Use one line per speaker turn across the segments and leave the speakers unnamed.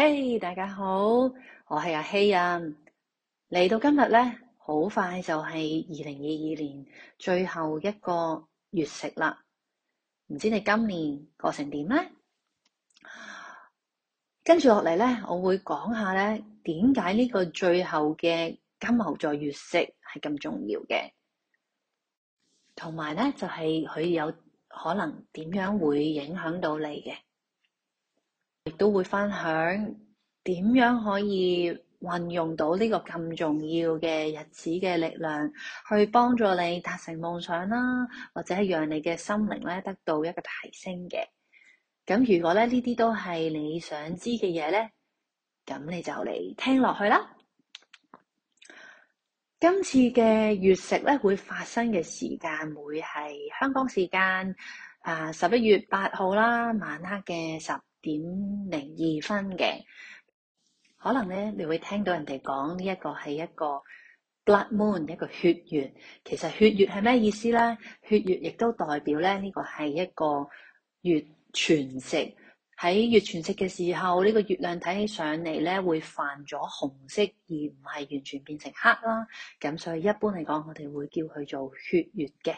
嘿，大家好，我係阿希啊！嚟到今日咧，好快就係二零二二年最後一個月食啦。唔知你今年過成點咧？跟住落嚟咧，我會講下咧，點解呢個最後嘅金牛座月食係咁重要嘅，同埋咧就係佢有可能點樣會影響到你嘅。亦都會分享點樣可以運用到呢個咁重要嘅日子嘅力量，去幫助你達成夢想啦，或者係讓你嘅心靈咧得到一個提升嘅。咁如果咧呢啲都係你想知嘅嘢咧，咁你就嚟聽落去啦。今次嘅月食咧會發生嘅時間會係香港時間啊十一月八號啦，晚黑嘅十。點零二分嘅，可能咧你會聽到人哋講呢一個係一個 Blood Moon，一個血月。其實血月係咩意思咧？血月亦都代表咧呢個係一個月全食。喺月全食嘅時候，呢個月亮睇起上嚟咧會泛咗紅色，而唔係完全變成黑啦。咁所以一般嚟講，我哋會叫佢做血月嘅。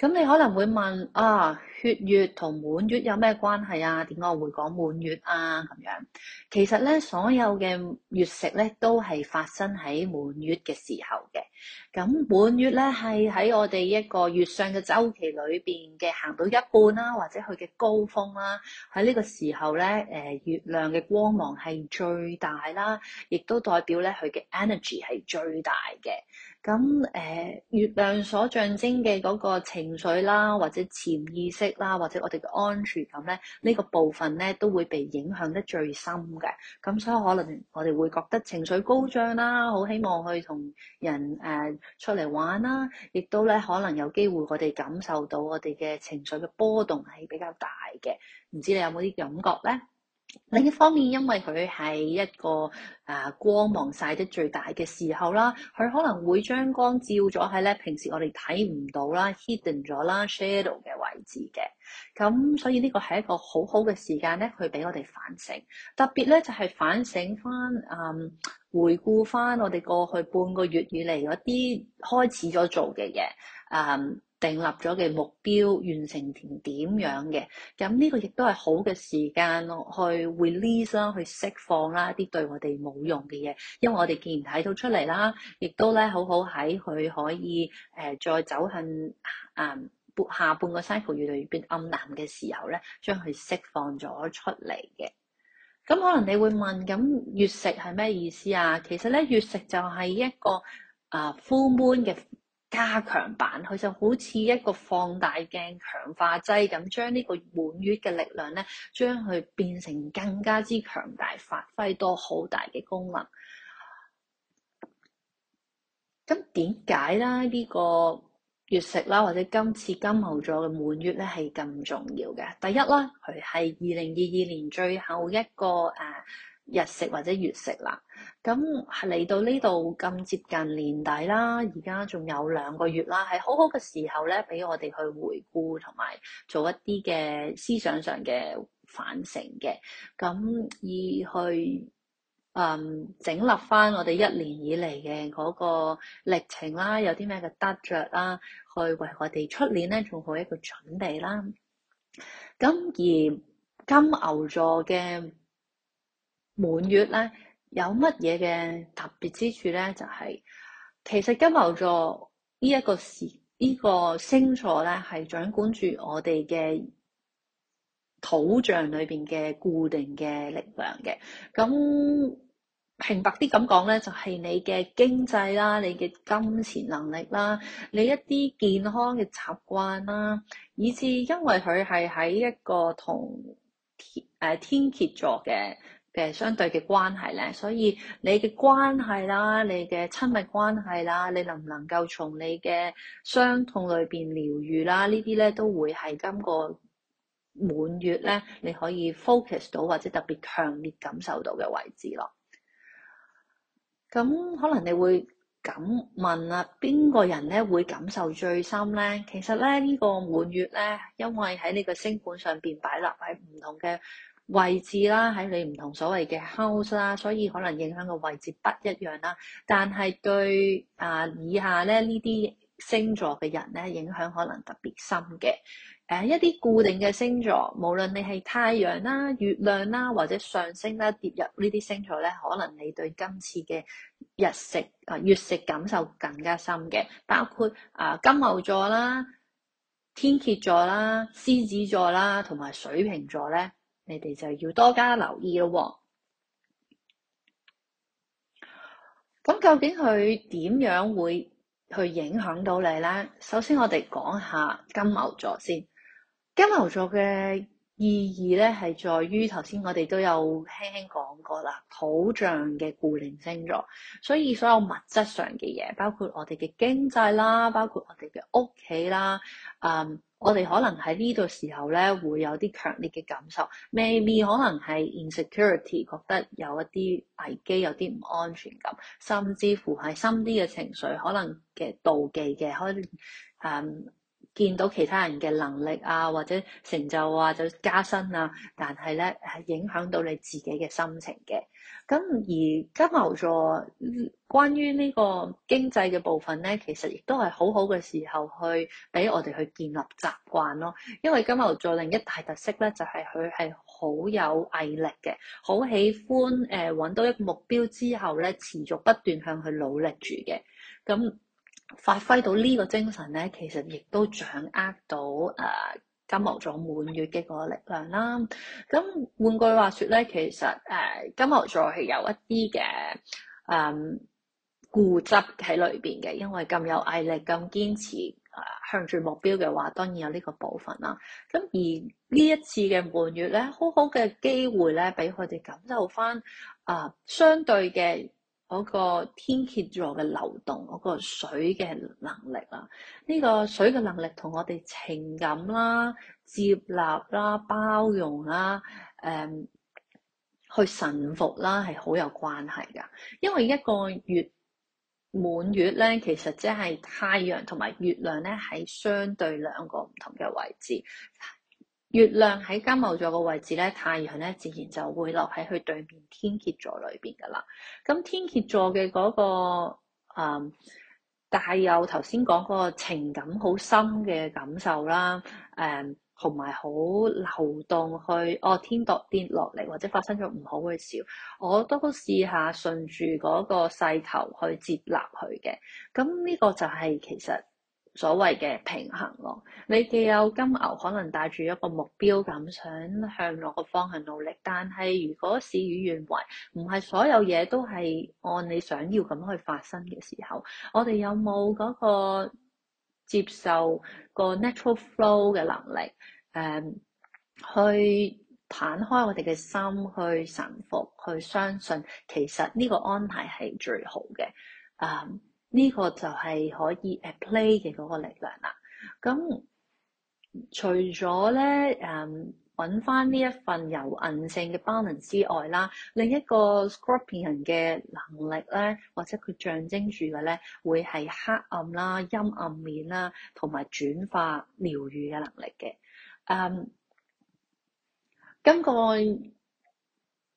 咁你可能會問啊，血月同滿月有咩關係啊？點解我會講滿月啊？咁樣其實咧，所有嘅月食咧都係發生喺滿月嘅時候嘅。咁滿月咧係喺我哋一個月相嘅周期裏邊嘅行到一半啦、啊，或者佢嘅高峰啦、啊，喺呢個時候咧，誒、呃、月亮嘅光芒係最大啦，亦都代表咧佢嘅 energy 係最大嘅。咁誒、呃，月亮所象徵嘅嗰個情緒啦，或者潛意識啦，或者我哋嘅安全感咧，呢、這個部分咧都會被影響得最深嘅。咁所以可能我哋會覺得情緒高漲啦，好希望去同人誒、呃、出嚟玩啦，亦都咧可能有機會我哋感受到我哋嘅情緒嘅波動係比較大嘅。唔知你有冇啲感覺咧？另一方面，因為佢係一個啊、呃、光芒晒得最大嘅時候啦，佢可能會將光照咗喺咧平時我哋睇唔到啦、hidden 咗啦、shadow 嘅位置嘅，咁所以呢個係一個好好嘅時間咧，去俾我哋反省，特別咧就係、是、反省翻，嗯，回顧翻我哋過去半個月以嚟嗰啲開始咗做嘅嘢，嗯。定立咗嘅目標完成成點樣嘅？咁呢個亦都係好嘅時間咯，去 release 啦，去釋放啦啲對我哋冇用嘅嘢，因為我哋既然睇到出嚟啦，亦都咧好好喺佢可以誒、呃、再走向誒、呃、下半個 cycle 越嚟越變暗淡嘅時候咧，將佢釋放咗出嚟嘅。咁可能你會問，咁月食係咩意思啊？其實咧，月食就係一個啊、呃、full moon 嘅加強版，佢就好似一個放大鏡、強化劑咁，將呢個滿月嘅力量咧，將佢變成更加之強大，發揮多好大嘅功能。咁點解咧？呢個月食啦，或者今次金牛座嘅滿月咧，係咁重要嘅？第一啦，佢係二零二二年最後一個誒、呃日食或者月食啦，咁嚟到呢度咁接近年底啦，而家仲有兩個月啦，喺好好嘅時候咧，俾我哋去回顧同埋做一啲嘅思想上嘅反省嘅，咁而去啊、嗯、整理返我哋一年以嚟嘅嗰個歷程啦，有啲咩嘅得着啦，去為我哋出年咧做好一個準備啦。咁而金牛座嘅滿月咧有乜嘢嘅特別之處咧？就係、是、其實金牛座呢一個時呢、這個星座咧，係掌管住我哋嘅土象裏邊嘅固定嘅力量嘅。咁平白啲咁講咧，就係、是、你嘅經濟啦，你嘅金錢能力啦，你一啲健康嘅習慣啦，以至因為佢係喺一個同天誒、呃、天蠍座嘅。嘅相對嘅關係咧，所以你嘅關係啦，你嘅親密關係啦，你能唔能夠從你嘅傷痛裏邊療愈啦？呢啲咧都會係今個滿月咧，你可以 focus 到或者特別強烈感受到嘅位置咯。咁可能你會咁問啊，邊個人咧會感受最深咧？其實咧呢，呢個滿月咧，因為喺呢個星盤上邊擺立喺唔同嘅位置啦，喺你唔同所謂嘅 house 啦，所以可能影響嘅位置不一樣啦。但係對啊以下咧呢啲星座嘅人咧，影響可能特別深嘅。誒、呃、一啲固定嘅星座，無論你係太陽啦、月亮啦或者上升啦、跌入呢啲星座咧，可能你對今次嘅日食啊月食感受更加深嘅。包括啊、呃、金牛座啦、天蠍座啦、獅子座啦同埋水瓶座咧。你哋就要多加留意咯喎、哦。咁究竟佢點樣會去影響到你咧？首先我哋講下金牛座先。金牛座嘅意義咧係在於頭先我哋都有輕輕講過啦，土象嘅固定星座，所以所有物質上嘅嘢，包括我哋嘅經濟啦，包括我哋嘅屋企啦，嗯。我哋可能喺呢度時候咧，會有啲強烈嘅感受，maybe 可能係 insecurity 覺得有一啲危機，有啲唔安全感，甚至乎係深啲嘅情緒，可能嘅妒忌嘅，可能，嗯。見到其他人嘅能力啊，或者成就啊，或者加薪啊，但係咧係影響到你自己嘅心情嘅。咁而金牛座關於呢個經濟嘅部分咧，其實亦都係好好嘅時候去俾我哋去建立習慣咯。因為金牛座另一大特色咧，就係佢係好有毅力嘅，好喜歡誒揾、呃、到一個目標之後咧，持續不斷向佢努力住嘅。咁發揮到呢個精神咧，其實亦都掌握到誒、呃、金牛座滿月嘅嗰個力量啦。咁換句話說咧，其實誒、呃、金牛座係有一啲嘅誒固執喺裏面嘅，因為咁有毅力、咁堅持，呃、向住目標嘅話，當然有呢個部分啦。咁而呢一次嘅滿月咧，好好嘅機會咧，俾佢哋感受翻啊、呃，相對嘅。嗰個天蠍座嘅流動，嗰、那個水嘅能力啦，呢、這個水嘅能力同我哋情感啦、接納啦、包容啦、誒、嗯、去臣服啦，係好有關係噶。因為一個月滿月咧，其實即係太陽同埋月亮咧，係相對兩個唔同嘅位置。月亮喺金牛座嘅位置咧，太陽咧自然就會落喺佢對面天蠍座裏邊噶啦。咁天蠍座嘅嗰、那個誒，但係、嗯、有頭先講嗰個情感好深嘅感受啦，誒、嗯，同埋好流動去哦，天墮跌落嚟或者發生咗唔好嘅事，我都試下順住嗰個勢頭去接納佢嘅。咁呢個就係其實。所謂嘅平衡咯，你既有金牛可能帶住一個目標咁想向落個方向努力，但係如果事與願違，唔係所有嘢都係按你想要咁樣去發生嘅時候，我哋有冇嗰個接受個 natural flow 嘅能力？誒、嗯，去攤開我哋嘅心，去臣服，去相信其實呢個安排係最好嘅。嗯。呢個就係可以 apply 嘅嗰個力量啦。咁除咗咧，誒揾翻呢一份柔韌性嘅 balance 之外啦，另一個 Scorpio 人嘅能力咧，或者佢象徵住嘅咧，會係黑暗啦、陰暗面啦，同埋轉化療愈嘅能力嘅。誒、嗯，今、那個。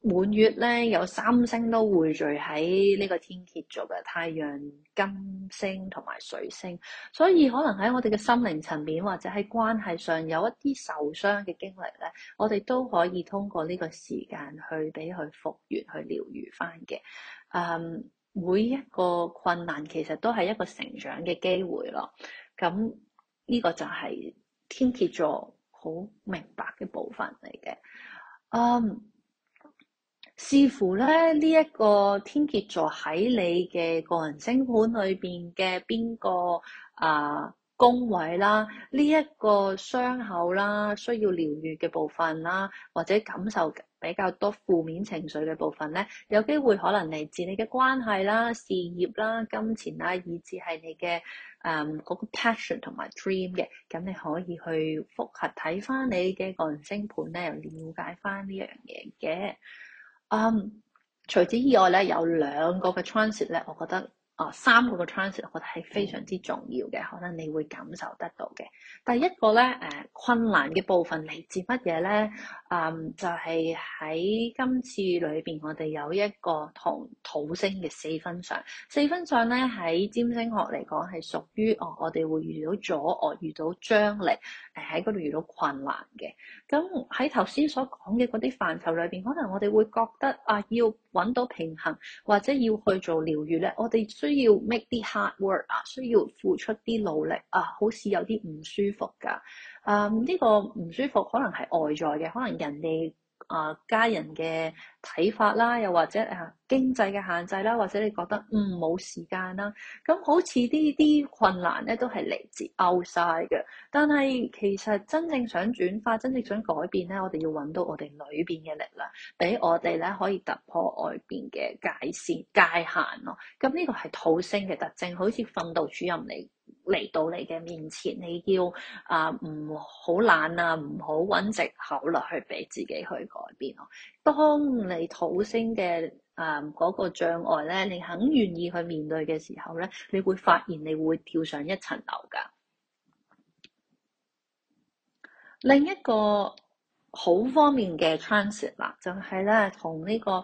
滿月咧，有三星都匯聚喺呢個天蠍座嘅太陽、金星同埋水星，所以可能喺我哋嘅心靈層面或者喺關係上有一啲受傷嘅經歷咧，我哋都可以通過呢個時間去俾佢復原、去療愈翻嘅。嗯，每一個困難其實都係一個成長嘅機會咯。咁呢個就係天蠍座好明白嘅部分嚟嘅。嗯。視乎咧呢一、這個天蠍座喺你嘅個人星盤裏邊嘅邊個啊宮、呃、位啦，呢、這、一個傷口啦，需要療愈嘅部分啦，或者感受比較多負面情緒嘅部分咧，有機會可能嚟自你嘅關係啦、事業啦、金錢啦，以至係你嘅誒嗰個 passion 同埋 dream 嘅，咁你可以去複合睇翻你嘅個人星盤咧，又了解翻呢樣嘢嘅。啊，um, 除此之外咧，有兩個嘅 transit 咧，我覺得。哦，三個嘅 transit，我覺得係非常之重要嘅，嗯、可能你會感受得到嘅。第一個咧，誒、呃、困難嘅部分嚟自乜嘢咧？誒、嗯，就係、是、喺今次裏邊，我哋有一個同土星嘅四分相。四分相咧喺占星學嚟講係屬於哦、呃，我哋會遇到阻礙，遇到張力，誒喺嗰度遇到困難嘅。咁喺頭先所講嘅嗰啲範疇裏邊，可能我哋會覺得啊、呃，要，揾到平衡或者要去做療愈咧，我哋需要 make 啲 hard work 啊，需要付出啲努力啊，好似有啲唔舒服噶。啊，呢個唔舒服可能係外在嘅，可能人哋。啊！家人嘅睇法啦，又或者啊，經濟嘅限制啦，或者你覺得嗯冇時間啦，咁好似呢啲困難咧，都係嚟自 outside 嘅。但係其實真正想轉化、真正想改變咧，我哋要揾到我哋裏邊嘅力量，俾我哋咧可以突破外邊嘅界線、界限咯。咁呢個係土星嘅特徵，好似訓導主任嚟。嚟到你嘅面前，你要啊、呃、唔好懶啊，唔好揾藉口落去俾自己去改變咯。當你土星嘅啊嗰個障礙咧，你肯願意去面對嘅時候咧，你會發現你會跳上一層樓噶。嗯、另一個好方面嘅 transit 啦，就係咧同呢個。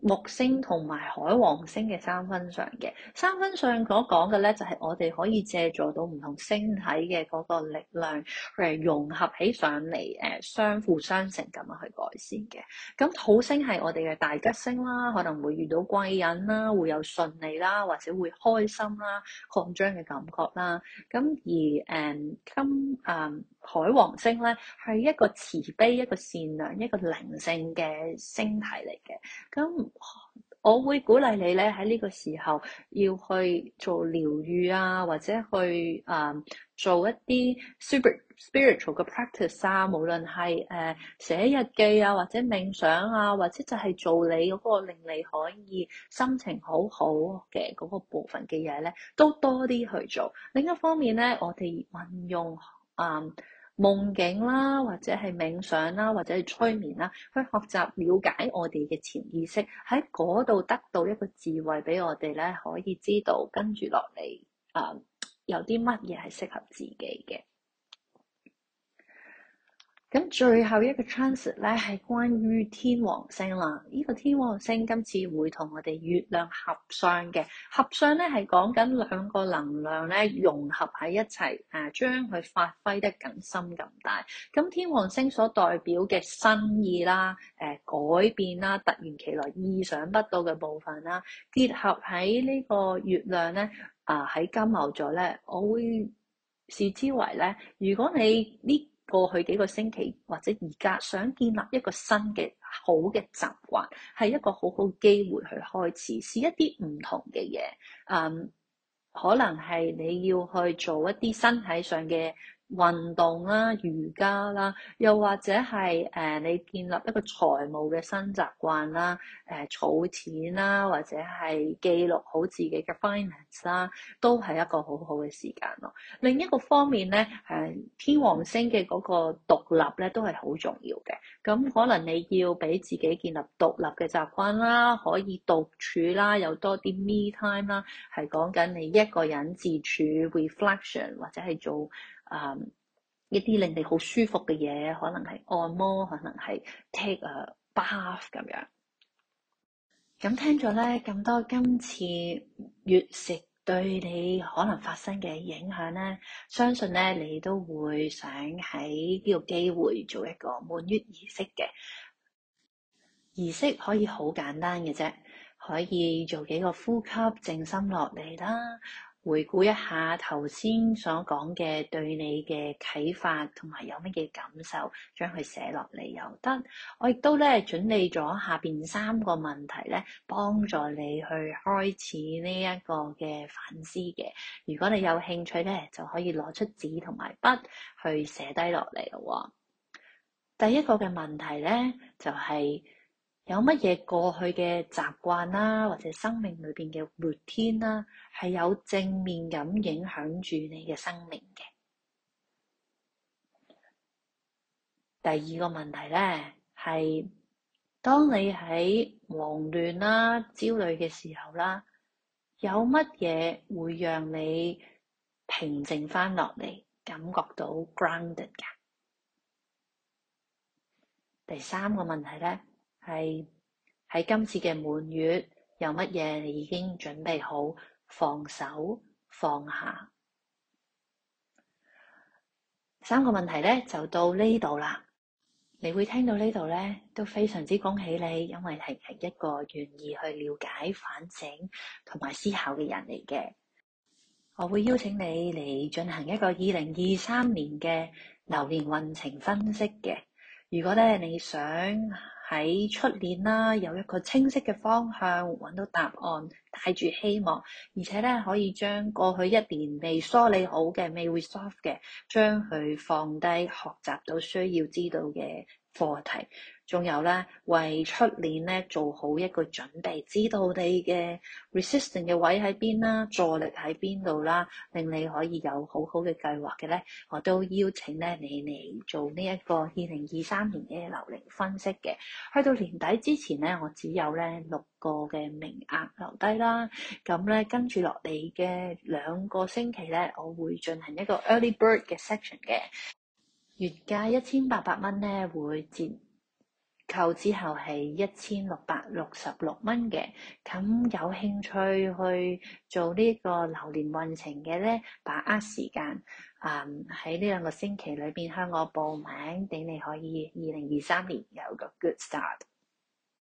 木星同埋海王星嘅三分相嘅三分相所講嘅咧，就係、是、我哋可以借助到唔同星體嘅嗰個力量，誒、呃、融合起上嚟，誒、呃、相輔相成咁樣去改善嘅。咁、嗯、土星係我哋嘅大吉星啦，可能會遇到貴人啦，會有順利啦，或者會開心啦、擴張嘅感覺啦。咁、嗯、而誒、嗯、今啊。嗯海王星咧係一個慈悲、一個善良、一個靈性嘅星體嚟嘅，咁我會鼓勵你咧喺呢個時候要去做療愈啊，或者去誒、嗯、做一啲 super spiritual 嘅 practice 啊，無論係誒寫日記啊，或者冥想啊，或者就係做你嗰、嗰個令你可以心情好好嘅嗰個部分嘅嘢咧，都多啲去做。另一方面咧，我哋運用誒。嗯夢境啦，或者係冥想啦，或者係催眠啦，去學習了解我哋嘅潛意識，喺嗰度得到一個智慧俾我哋咧，可以知道跟住落嚟，誒、呃，有啲乜嘢係適合自己嘅。咁最後一個 chance 咧係關於天王星啦，呢個天王星今次會同我哋月亮合相嘅，合相咧係講緊兩個能量咧融合喺一齊，誒將佢發揮得更深更大。咁天王星所代表嘅新意啦、誒、呃、改變啦、突然其來意想不到嘅部分啦，結合喺呢個月亮咧，啊喺金牛座咧，我會視之為咧，如果你呢？過去幾個星期或者而家想建立一個新嘅好嘅習慣，係一個好好機會去開始，試一啲唔同嘅嘢。嗯，可能係你要去做一啲身體上嘅。運動啦、瑜伽啦，又或者係誒、呃、你建立一個財務嘅新習慣啦、誒、呃、儲錢啦，或者係記錄好自己嘅 finance 啦，都係一個好好嘅時間咯。另一個方面咧，誒、呃、天王星嘅嗰個獨立咧都係好重要嘅。咁可能你要俾自己建立獨立嘅習慣啦，可以獨處啦，有多啲 me time 啦，係講緊你一個人自處 reflection 或者係做。啊！Um, 一啲令你好舒服嘅嘢，可能係按摩，可能係 take a bath 咁樣。咁聽咗咧，咁多今次月食對你可能發生嘅影響咧，相信咧你都會想喺呢個機會做一個滿月儀式嘅儀式，可以好簡單嘅啫，可以做幾個呼吸，靜心落嚟啦。回顧一下頭先所講嘅對你嘅啟發，同埋有乜嘢感受，將佢寫落嚟又得。我亦都咧準備咗下邊三個問題咧，幫助你去開始呢一個嘅反思嘅。如果你有興趣咧，就可以攞出紙同埋筆去寫低落嚟咯。第一個嘅問題咧、就是，就係。有乜嘢過去嘅習慣啦，或者生命裏邊嘅 routine 啦，係有正面咁影響住你嘅生命嘅？第二個問題咧，係當你喺忙亂啦、焦慮嘅時候啦，有乜嘢會讓你平靜翻落嚟，感覺到 grounded 噶？第三個問題咧？係喺今次嘅滿月，有乜嘢你已經準備好放手放下，三個問題咧，就到呢度啦。你會聽到呢度咧，都非常之恭喜你，因為係係一個願意去了解反省同埋思考嘅人嚟嘅。我會邀請你嚟進行一個二零二三年嘅流年運程分析嘅。如果咧你想，喺出年啦，有一個清晰嘅方向，揾到答案，帶住希望，而且咧可以將過去一年未梳理好嘅未 resolve 嘅，將佢放低，學習到需要知道嘅課題。仲有咧，為出年咧做好一個準備，知道你嘅 resistance 嘅位喺邊啦，助力喺邊度啦，令你可以有好好嘅計劃嘅咧。我都邀請咧你嚟做呢一個二零二三年嘅流年分析嘅。去到年底之前咧，我只有咧六個嘅名額留低啦。咁咧跟住落嚟嘅兩個星期咧，我會進行一個 early bird 嘅 session 嘅原價一千八百蚊咧，會折扣之後係一千六百六十六蚊嘅，咁有興趣去做呢個流年運程嘅咧，把握時間，啊喺呢兩個星期裏邊向我報名，等你可以二零二三年有個 good start。